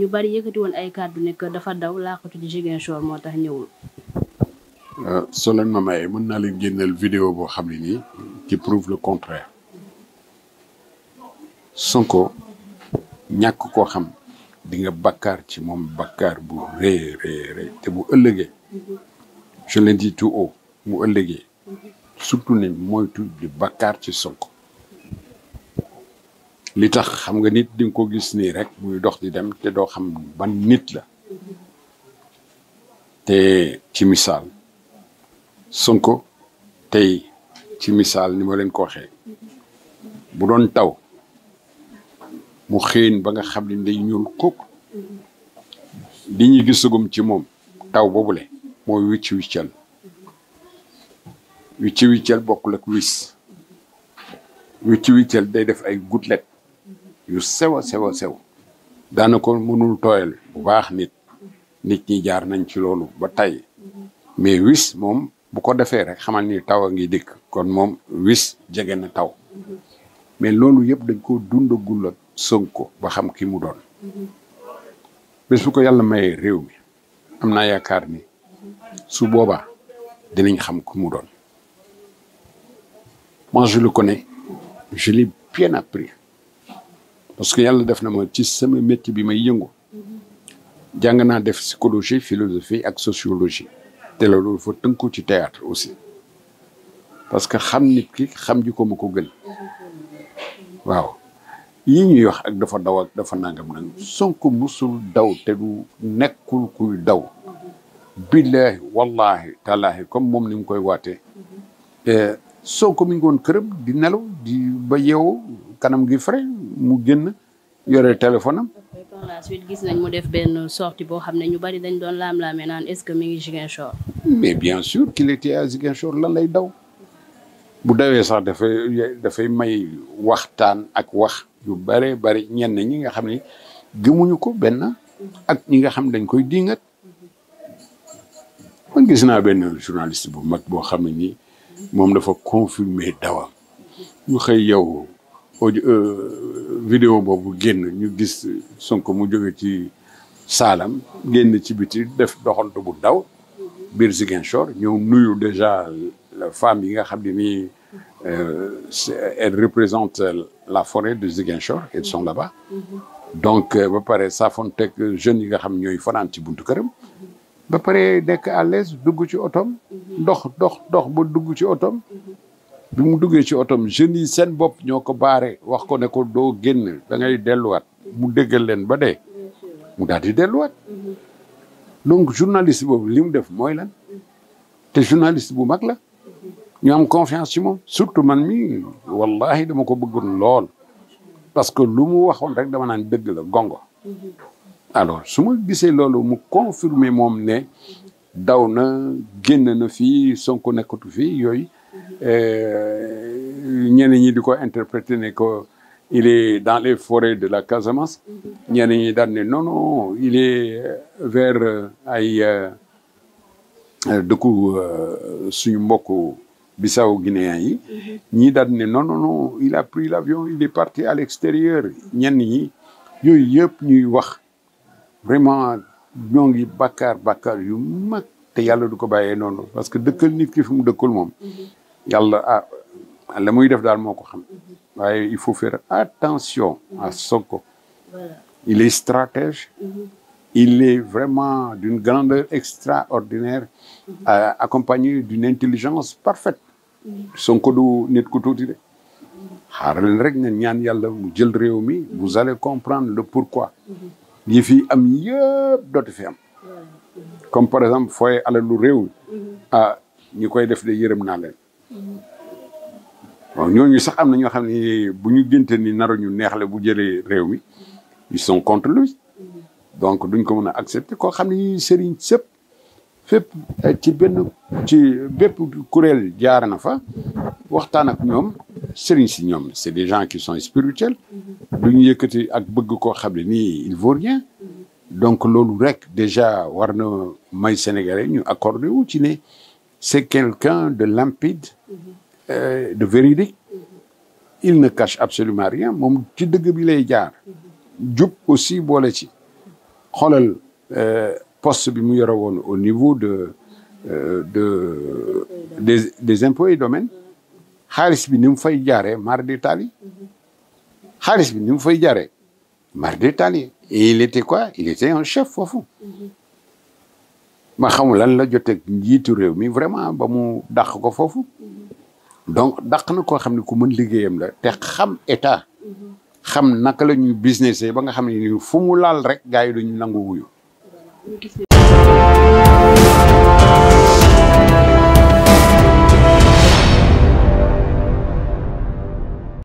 ñu bari yëkkati woon ay kàddu ne que dafa daw laaxatu ci Ziguinchor moo tax ñëwul. Ah, soo ma mayee mën naa leen génneel vidéo boo xam ne nii qui prouve le contraire Sonko ñàkk koo xam dinga nga ci moom bakkaar bu rëy rëy rëy te bu ëllëgee je le dis tout haut mu ëllëgee surtout ne moytu di bakkaar ci Sonko li tax xam nga nit di nga ko gis nii rek muy dox di dem te doo xam ban nit la te ci misaal Sonko tey ci misaal ni ma leen ko waxee bu doon taw mu xëyn ba nga xam ne day ñuul kook li ñu gisagum ci moom taw boobule mooy wicc wiccal wicc wiccal bokkul ak wis wicc wiccal day def ay gouttelette yu sew a sew a sew ko mënul tooyal bu baax nit nit ñi jaar nañ ci loolu ba tey mais wis moom bu ko defee rek xamal ni taw a ngi dikk kon moom wis jege na taw mais loolu yëpp dañ ko dundagul ak ko ba xam ki mu doon bés bu ko yàlla mayee réew mi am naa yaakaar ni su booba dinañ xam ku mu doon moi ko ne connais je l'ai bien appris parce que yàlla def na ma ci sama métier bi may yëngu jàng naa def psychologie philosophie ak sociologie te loolu dafa tënku ci théâtre aussi parce que xam nit ki xam ji ko ma ko gën waaw yi ñuy wax ak dafa daw ak dafa nangam nag Sonko musul daw te du nekkul kuy daw billahi wallahi tallaahi comme moom ni mu koy waatee eh, Sonko mi ngi woon këram di nelaw di ba yeewoo kanam gi frais mu génn yore téléphone gis nañ mu def benn sortie boo xam ne ñu bari dañ doon laam-laamee naan est-ce que mi ngi Ziguinchor. mais bien sûr qu'il était à Ziguinchor lan lay daw. bu dawee sax dafay may waxtaan ak wax yu bare bari ñenn ñi nga xam ne gëmuñu ko benn. ak ñi nga xam dañ koy dingat man gis naa benn journaliste bu mag boo xam ne nii moom dafa confirmer dawam ñu xëy yow audio euh, vidéo boobu génn ñu gis Sonko mu jóge ci saalam génn ci biti def doxantu bu daw biir Ziguinchor ñëw nuyu déjà la femme yi nga xam ne nii euh, elle représente la forêt de Ziguinchor elles sont là donc euh, ba pare saafonteeg jeunes yi nga xam ñooy fanaan ci buntu këram ba pare nekk à l'aise dugg ci otom dox dox dox ba dugg ci otom bi mu duggee ci otom jeunes yi seen bopp ñoo ko baare wax ko ne ko doo génn da ngay delluwaat mu déggal leen ba dee mu daal di delluwaat donc journaliste boobu li mu def mooy lan te journaliste bu mag la ñu am confiance ci moom surtout man mi wallahi dama ko bëggoon lool parce que lu mu waxoon rek dama naan dëgg la gongo alors su ma gisee loolu mu confirmer moom ne daw na génn na fii Sonko nekkatu fii yooyu Euh, ñenn ñi di ko interpréter ne que il est dans les forêts de la Casamance ñenn ñi daan ne non non il est vers euh, ay euh, dëkku suñu mbokku Bissau guinéen yi ñii daan ne non non non il a pris l'avion il est parti à l'extérieur ñenn ñi yooyu yëpp ñuy wax vraiment ñoo ngi bakkaar bakkaar yu mag te yàlla du ko bàyyee noonu parce que dëkkal nit ki fi mu dëkkul moom yàlla ah la muy def daal moo ko xam waaye il faut faire attention à Sonko il est stratège mhm. il est vraiment d'une grandeur extraordinaire mhm. euh, accompagné d'une intelligence parfaite mhm. Sonko du nit ko tuuti de xaaral leen rek ngeen ñaan yàlla mu jël réew mi vous allez comprendre le pourquoi yi fi am yëpp dootu fi comme par exemple fooy lu réew ah ñi koy def de yërëm naa waaw ñooñu sax am na ñoo xam ne bu ñu gënte ni naru ñu neexle bu jëlee réew mi ils sont contre lui donc duñ ko mën a accepter koo xam ne sëriñ sëpp fépp eh, ci benn ci bépp kuréel jaar na fa waxtaan ak ñoom sëriñ si ñoom c'est des gens qui sont spirituels mm-hmm. duñu yëkkati ak bëgg koo xam ne nii il vaut rien mm-hmm. donc loolu rek déjà war na may sénégalais ñu accordé wu ci ne c'est quelqu'un de limpide euh, de véridique il ne cache absolument rien moom ci dëgg bi lay jaar jub aussi boole ci xoolal euh, poste bi mu yore woon au niveau de euh, de des des impôts et domaines xaalis bi ni mu fay jaaree mar de tali xaalis bi ni mu fay jaaree mar de tali et il était quoi il était un chef foofu ma xamul lan la joteeg njiitu réew mi vraiment ba mu dàq ko foofu mhm. donc dàq na koo xam ne ku mën liggéeyam la te xam état mhm. xam naka lañu ñuy businessé ba nga xam ne ni fu mu laal rek gars yi duñu nangu wuyu